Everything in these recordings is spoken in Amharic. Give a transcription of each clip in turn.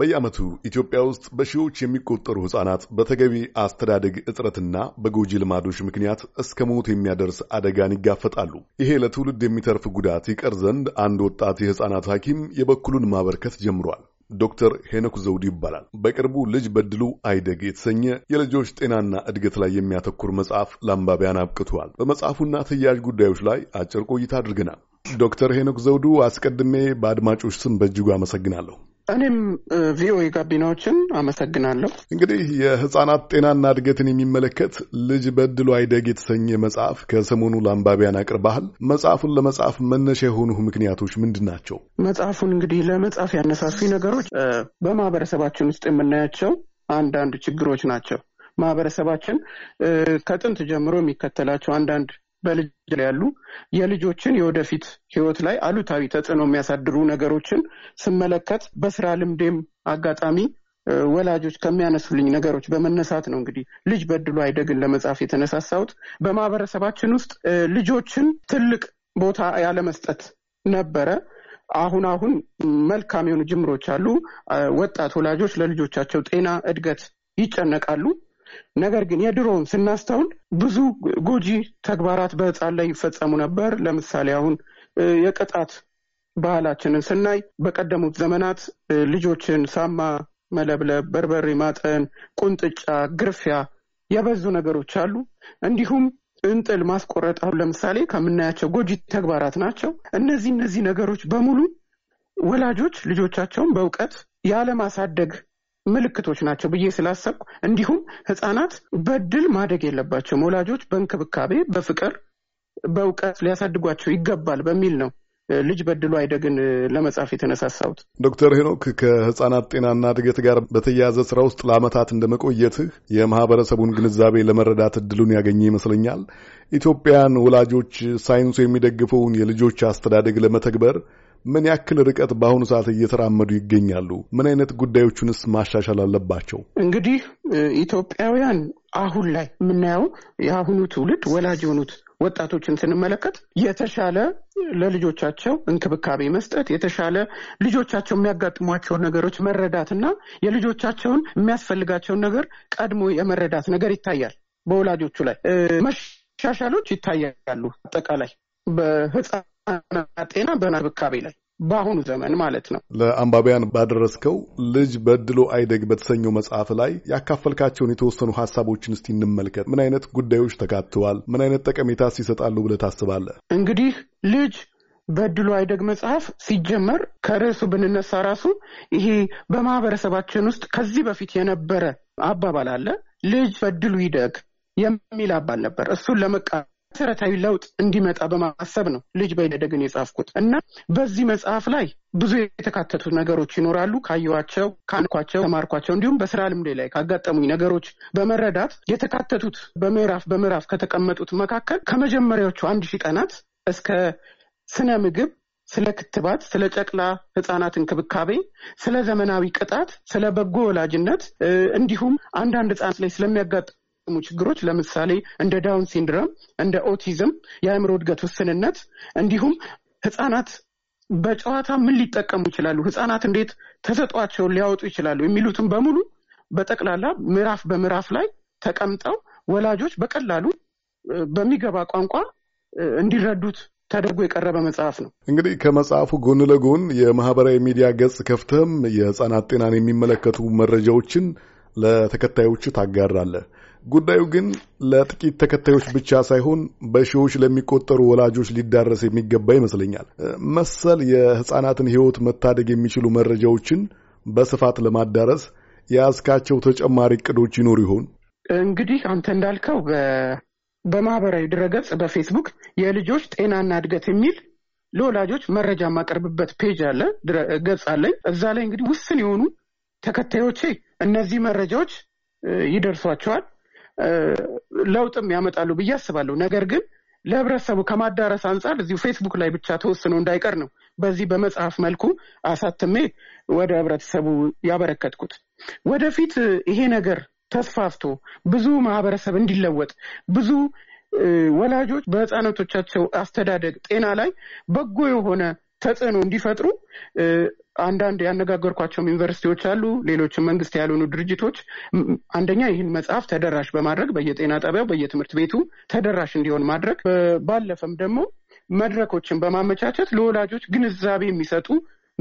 በየዓመቱ ኢትዮጵያ ውስጥ በሺዎች የሚቆጠሩ ሕፃናት በተገቢ አስተዳደግ እጥረትና በጎጂ ልማዶች ምክንያት እስከ ሞት የሚያደርስ አደጋን ይጋፈጣሉ። ይሄ ለትውልድ የሚተርፍ ጉዳት ይቀር ዘንድ አንድ ወጣት የሕፃናት ሐኪም የበኩሉን ማበርከት ጀምሯል። ዶክተር ሄኖክ ዘውድ ይባላል። በቅርቡ ልጅ በድሉ አይደግ የተሰኘ የልጆች ጤናና እድገት ላይ የሚያተኩር መጽሐፍ ለአንባቢያን አብቅቷል። በመጽሐፉና ተያያዥ ጉዳዮች ላይ አጭር ቆይታ አድርገናል። ዶክተር ሄኖክ ዘውዱ፣ አስቀድሜ በአድማጮች ስም በእጅጉ አመሰግናለሁ። እኔም ቪኦኤ ጋቢናዎችን አመሰግናለሁ። እንግዲህ የህጻናት ጤናና እድገትን የሚመለከት ልጅ በድሎ አይደግ የተሰኘ መጽሐፍ ከሰሞኑ ለአንባቢያን አቅርበሃል። መጽሐፉን ለመጻፍ መነሻ የሆኑ ምክንያቶች ምንድን ናቸው? መጽሐፉን እንግዲህ ለመጻፍ ያነሳሱኝ ነገሮች በማህበረሰባችን ውስጥ የምናያቸው አንዳንድ ችግሮች ናቸው። ማህበረሰባችን ከጥንት ጀምሮ የሚከተላቸው አንዳንድ በልጅ ላይ ያሉ የልጆችን የወደፊት ህይወት ላይ አሉታዊ ተጽዕኖ የሚያሳድሩ ነገሮችን ስመለከት በስራ ልምዴም አጋጣሚ ወላጆች ከሚያነሱልኝ ነገሮች በመነሳት ነው እንግዲህ ልጅ በድሎ አይደግን ለመጻፍ የተነሳሳሁት። በማህበረሰባችን ውስጥ ልጆችን ትልቅ ቦታ ያለመስጠት ነበረ። አሁን አሁን መልካም የሆኑ ጅምሮች አሉ። ወጣት ወላጆች ለልጆቻቸው ጤና፣ እድገት ይጨነቃሉ። ነገር ግን የድሮውን ስናስተውል ብዙ ጎጂ ተግባራት በህፃን ላይ ይፈጸሙ ነበር። ለምሳሌ አሁን የቅጣት ባህላችንን ስናይ በቀደሙት ዘመናት ልጆችን ሳማ መለብለብ፣ በርበሬ ማጠን፣ ቁንጥጫ፣ ግርፊያ የበዙ ነገሮች አሉ። እንዲሁም እንጥል ማስቆረጥ አሁን ለምሳሌ ከምናያቸው ጎጂ ተግባራት ናቸው። እነዚህ እነዚህ ነገሮች በሙሉ ወላጆች ልጆቻቸውን በእውቀት ያለማሳደግ ምልክቶች ናቸው ብዬ ስላሰብኩ እንዲሁም ህጻናት በድል ማደግ የለባቸውም። ወላጆች በእንክብካቤ በፍቅር በእውቀት ሊያሳድጓቸው ይገባል በሚል ነው ልጅ በድሎ አይደግን ለመጻፍ የተነሳሳሁት። ዶክተር ሄኖክ ከህጻናት ጤናና እድገት ጋር በተያያዘ ስራ ውስጥ ለአመታት እንደመቆየትህ የማህበረሰቡን ግንዛቤ ለመረዳት እድሉን ያገኘ ይመስለኛል። ኢትዮጵያን ወላጆች ሳይንሱ የሚደግፈውን የልጆች አስተዳደግ ለመተግበር ምን ያክል ርቀት በአሁኑ ሰዓት እየተራመዱ ይገኛሉ? ምን አይነት ጉዳዮቹንስ ማሻሻል አለባቸው? እንግዲህ ኢትዮጵያውያን አሁን ላይ የምናየው የአሁኑ ትውልድ ወላጅ የሆኑት ወጣቶችን ስንመለከት የተሻለ ለልጆቻቸው እንክብካቤ መስጠት የተሻለ ልጆቻቸው የሚያጋጥሟቸውን ነገሮች መረዳት እና የልጆቻቸውን የሚያስፈልጋቸውን ነገር ቀድሞ የመረዳት ነገር ይታያል። በወላጆቹ ላይ መሻሻሎች ይታያሉ። አጠቃላይ በህፃን ጤና በመንክብካቤ ላይ በአሁኑ ዘመን ማለት ነው። ለአንባቢያን ባደረስከው ልጅ በድሎ አይደግ በተሰኘው መጽሐፍ ላይ ያካፈልካቸውን የተወሰኑ ሀሳቦችን እስቲ እንመልከት። ምን አይነት ጉዳዮች ተካተዋል? ምን አይነት ጠቀሜታስ ይሰጣሉ ብለህ ታስባለህ? እንግዲህ ልጅ በድሎ አይደግ መጽሐፍ ሲጀመር ከርዕሱ ብንነሳ ራሱ ይሄ በማህበረሰባችን ውስጥ ከዚህ በፊት የነበረ አባባል አለ። ልጅ በድሉ ይደግ የሚል አባል ነበር። እሱን ለመቃ መሰረታዊ ለውጥ እንዲመጣ በማሰብ ነው ልጅ በይደግን የጻፍኩት እና በዚህ መጽሐፍ ላይ ብዙ የተካተቱ ነገሮች ይኖራሉ። ካየኋቸው፣ ካንኳቸው፣ ተማርኳቸው እንዲሁም በስራ ልምዴ ላይ ካጋጠሙኝ ነገሮች በመረዳት የተካተቱት በምዕራፍ በምዕራፍ ከተቀመጡት መካከል ከመጀመሪያዎቹ አንድ ሺህ ቀናት እስከ ስነ ምግብ ስለ ክትባት፣ ስለ ጨቅላ ህጻናት እንክብካቤ፣ ስለ ዘመናዊ ቅጣት፣ ስለ በጎ ወላጅነት እንዲሁም አንዳንድ ህጻናት ላይ ስለሚያጋጥሙ የሚያጋጥሙ ችግሮች ለምሳሌ እንደ ዳውን ሲንድረም፣ እንደ ኦቲዝም፣ የአእምሮ እድገት ውስንነት እንዲሁም ህጻናት በጨዋታ ምን ሊጠቀሙ ይችላሉ፣ ህጻናት እንዴት ተሰጧቸውን ሊያወጡ ይችላሉ የሚሉትን በሙሉ በጠቅላላ ምዕራፍ በምዕራፍ ላይ ተቀምጠው ወላጆች በቀላሉ በሚገባ ቋንቋ እንዲረዱት ተደርጎ የቀረበ መጽሐፍ ነው። እንግዲህ ከመጽሐፉ ጎን ለጎን የማህበራዊ ሚዲያ ገጽ ከፍተህም የህጻናት ጤናን የሚመለከቱ መረጃዎችን ለተከታዮቹ ታጋራለህ። ጉዳዩ ግን ለጥቂት ተከታዮች ብቻ ሳይሆን በሺዎች ለሚቆጠሩ ወላጆች ሊዳረስ የሚገባ ይመስለኛል። መሰል የህፃናትን ህይወት መታደግ የሚችሉ መረጃዎችን በስፋት ለማዳረስ የያዝካቸው ተጨማሪ እቅዶች ይኖሩ ይሆን? እንግዲህ አንተ እንዳልከው በማህበራዊ ድረገጽ በፌስቡክ የልጆች ጤናና እድገት የሚል ለወላጆች መረጃ የማቀርብበት ፔጅ አለ፣ ገጽ አለኝ። እዛ ላይ እንግዲህ ውስን የሆኑ ተከታዮቼ እነዚህ መረጃዎች ይደርሷቸዋል። ለውጥም ያመጣሉ ብዬ አስባለሁ። ነገር ግን ለህብረተሰቡ ከማዳረስ አንጻር እዚሁ ፌስቡክ ላይ ብቻ ተወስኖ እንዳይቀር ነው በዚህ በመጽሐፍ መልኩ አሳትሜ ወደ ህብረተሰቡ ያበረከትኩት። ወደፊት ይሄ ነገር ተስፋፍቶ ብዙ ማህበረሰብ እንዲለወጥ ብዙ ወላጆች በህፃናቶቻቸው አስተዳደግ ጤና ላይ በጎ የሆነ ተጽዕኖ እንዲፈጥሩ አንዳንድ ያነጋገርኳቸውም ዩኒቨርሲቲዎች አሉ፣ ሌሎችም መንግስት ያልሆኑ ድርጅቶች አንደኛ ይህን መጽሐፍ ተደራሽ በማድረግ በየጤና ጣቢያው በየትምህርት ቤቱ ተደራሽ እንዲሆን ማድረግ ባለፈም ደግሞ መድረኮችን በማመቻቸት ለወላጆች ግንዛቤ የሚሰጡ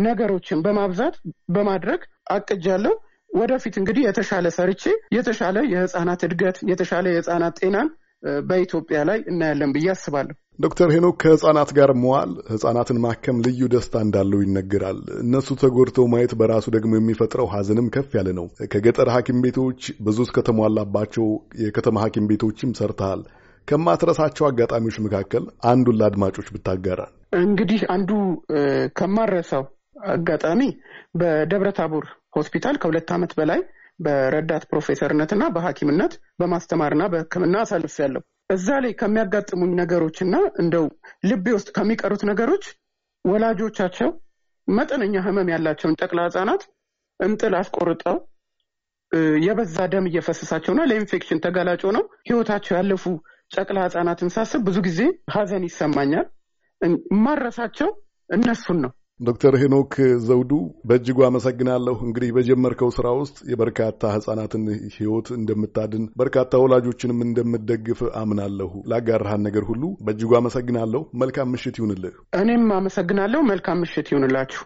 ነገሮችን በማብዛት በማድረግ አቅጃለሁ። ወደፊት እንግዲህ የተሻለ ሰርቼ የተሻለ የህፃናት እድገት የተሻለ የህፃናት ጤናን በኢትዮጵያ ላይ እናያለን ብዬ አስባለሁ። ዶክተር ሄኖክ ከህጻናት ጋር መዋል ህጻናትን ማከም ልዩ ደስታ እንዳለው ይነገራል። እነሱ ተጎድተው ማየት በራሱ ደግሞ የሚፈጥረው ሀዘንም ከፍ ያለ ነው። ከገጠር ሐኪም ቤቶች ብዙ እስከተሟላባቸው የከተማ ሐኪም ቤቶችም ሰርተሃል። ከማትረሳቸው አጋጣሚዎች መካከል አንዱን ለአድማጮች ብታጋራ። እንግዲህ አንዱ ከማረሳው አጋጣሚ በደብረ ታቦር ሆስፒታል ከሁለት ዓመት በላይ በረዳት ፕሮፌሰርነትና በሐኪምነት በማስተማርና በሕክምና አሳልፍ ያለው እዛ ላይ ከሚያጋጥሙኝ ነገሮች እና እንደው ልቤ ውስጥ ከሚቀሩት ነገሮች ወላጆቻቸው መጠነኛ ህመም ያላቸውን ጨቅላ ህጻናት እንጥል አስቆርጠው የበዛ ደም እየፈሰሳቸውና ለኢንፌክሽን ተጋላጮ ነው። ህይወታቸው ያለፉ ጨቅላ ህጻናትን ሳስብ ብዙ ጊዜ ሀዘን ይሰማኛል። ማረሳቸው እነሱን ነው። ዶክተር ሄኖክ ዘውዱ በእጅጉ አመሰግናለሁ። እንግዲህ በጀመርከው ስራ ውስጥ የበርካታ ህጻናትን ህይወት እንደምታድን በርካታ ወላጆችንም እንደምደግፍ አምናለሁ። ላጋርሃን ነገር ሁሉ በእጅጉ አመሰግናለሁ። መልካም ምሽት ይሁንልህ። እኔም አመሰግናለሁ። መልካም ምሽት ይሁንላችሁ።